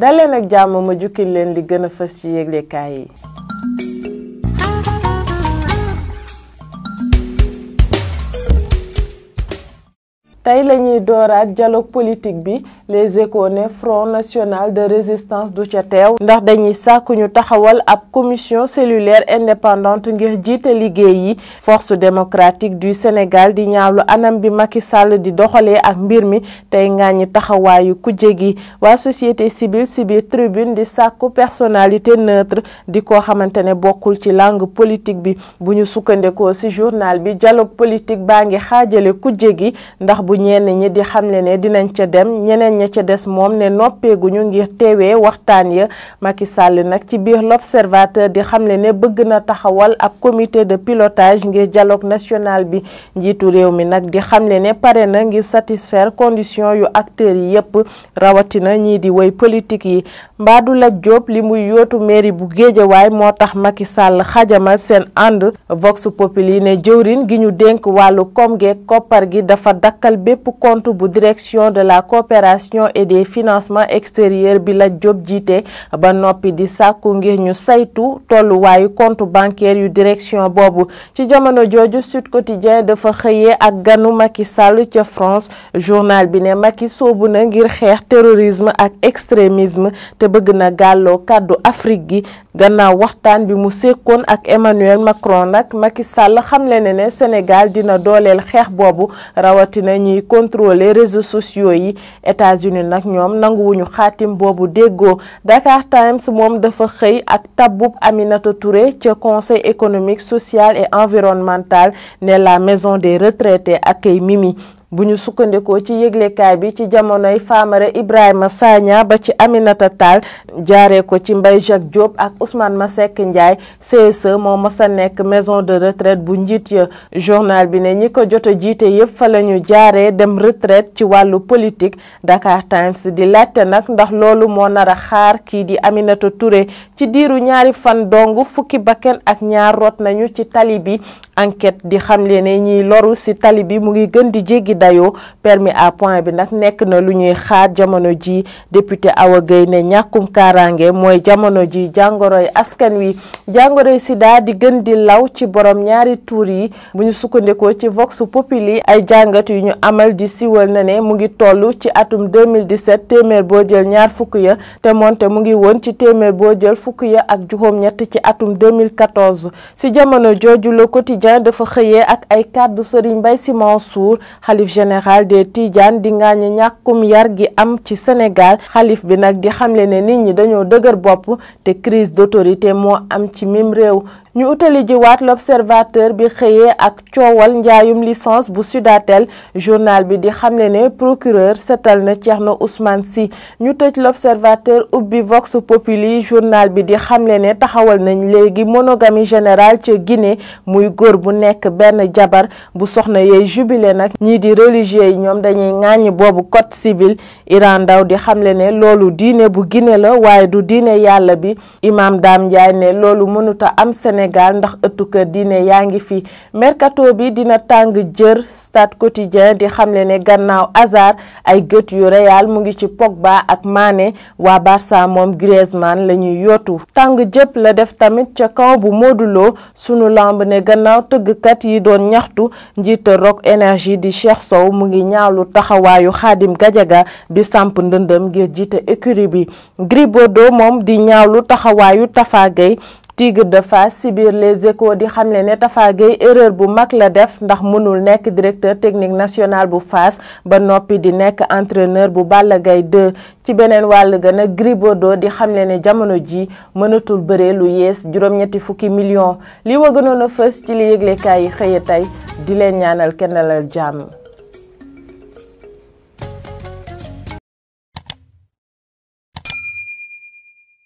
daleen ak jàmm ma jukkil leen li gën a fës ci yéglekaay yi tey la ñuy dooraat dialogue politique bi les échos ne front national de résistance du ca teew ndax dañuy sàkk ñu taxawal ab commission cellulaire indépendante ngir jiite liggéey yi force démocratique du Sénégal di ñaawlu anam bi Macky Sall di doxalee ak mbir mi tey ngaañi taxawaayu kujje gi waa société civile ci biir tribune di sàkku personnalité neutre di ko xamante ne bokkul ci langue politique bi bu ñu sukkandikoo ci journal bi dialogue politique baa ngi xaajale kujje gi ñenn ñi di xamle ne dinañ ca dem ñeneen ña ca des moom ne noppeeguñu ngir teewee waxtaan ya Macky Sall nag ci biir l'observateur di xamle ne bëgg na taxawal ab comité de pilotage ngir jaloog national bi njiitu réew mi nag di xamle ne pare na ngir satisfaire condition yu acteurs yi yëpp rawatina ñii di woy politique yi mbaadu la Diop li muy yootu mairie bu Géejawaay moo tax Macky Sall xajamal seen ànd Vox yi ne jëwrin gi ñu dénk wàllu koom geeg koppar gi dafa bépp compte bu direction de la coopération et des financement extérieurs bi la job jiite ba noppi di sàkku ngir ñu saytu tolluwaayu compte bancaire yu direction boobu ci jamono jooju Sud Quotidien dafa xëyee ak ganu Macky Sall ca France journal bi ne Macky soobu na ngir xeex terorisme ak extrémisme te bëgg na gàlloo kàddu Afrique gi gannaaw waxtaan bi mu sekkoon ak Emmanuel Macron nag Macky Sall xamle ne ne Sénégal dina dooleel xeex boobu rawatina ñuy contrôler réseau sociaux yi États-Unis nag ñoom nanguwuñu xaatim boobu déggoo Dakar Times moom dafa xëy ak tabbub Aminata Touré ca conseil économique social et environnemental ne la maison des retraités accueille Mimi bu ñu sukkandikoo ci yëglekaay bi ci jamonoy Famara Ibrahima Sagna ba ci Aminata Tall jaaree ko ci Mbaye Jacques Diop ak Ousmane Masseck Ndiaye CSE moo mës nekk maison de retraite bu njiit ya journal bi ne ñi ko jot a jiite yëpp fa la ñu jaaree dem retraite ci wàllu politique Dakar Times di laajte nag ndax loolu moo nar a xaar kii di Aminata Touré ci diiru ñaari fan dong fukki bakken ak ñaar rot nañu ci tali bi enquête di xam ne ñiy loru si tali bi mu ngi gën di jéggi dayoo permis à point bi nag nekk na lu ñuy xaar jamono ji député Awa Gueye ne ñàkkum kaaraange mooy jamono ji jàngoro yi askan wi jàngoroy sida di gën di law ci borom ñaari tuur yi bu ñu sukkandikoo ci Vox Populi ay jàngat yu ñu amal di siwal na ne mu ngi toll ci atum 2017 téeméer boo jël ñaar fukk ya te moonte mu ngi woon ci téeméer boo jël fukk ya ak juróom-ñett ci atum 2014 si jamono jooju Le Quotidien dafa xëyee ak ay kàddu Serigne Mbaye Sy Mansour xalif xalif général des Tidjane di ngaañi yar gi am ci Sénégal xalif bi nag di xamle ne nit ñi dañoo dëgër bopp te crise d'autorité moo am ci mim réew ñu utali jiwaat l'observateur bi xëyee ak coowal njaayum licence bu Sudatel journal bi di xamle ne procureur setal na na Ousmane si ñu tëj l'observateur ubbi Vox Populi journal bi di xamle ne taxawal nañ léegi monogamie générale ca Guinée muy góor bu nekk benn jabar bu soxna yooyu jubilé nag ñii di religieux yi ñoom dañuy ŋàññ boobu code civil Iran Ndaw di xamle ne loolu diine bu Guinée la waaye du diine yàlla bi imam Dame Ndiaye ne loolu mënuta am Sénégal Sénégal ndax ëttu kër diine yaa ngi fi mercato bi dina tàng jër stade quotidien di xamle ne gannaaw Hazard ay gët yu Real mu ngi ci ba ak Mané waa Barça moom Griezmann la ñuy yootu tàng jëpp la def tamit ca camp bu Modou sunu lamb ne gannaaw tëggkat yi doon ñaxtu njiite Rock Énergie di Cheikh Sow mu ngi ñaawlu taxawaayu xadim gajaga bi samp ndëndëm ngir jiite écurie bi Gris Bordeaux moom di ñaawlu taxawaayu Tafa Tigre de Fass si biir les échos di xamle ne Tafa Gueye erreur bu mag la def ndax mënul nekk directeur technique national bu fas ba noppi di nekk entreneur bu Balla Gaye 2 ci beneen wàll ga nag Gris Bordeaux di xamle ne jamono ji mënatul bëre lu yees juróom-ñetti fukki million li wa gënoon a fës ci li yëglekaay yi xëye tey di leen ñaanal kennalal jàmm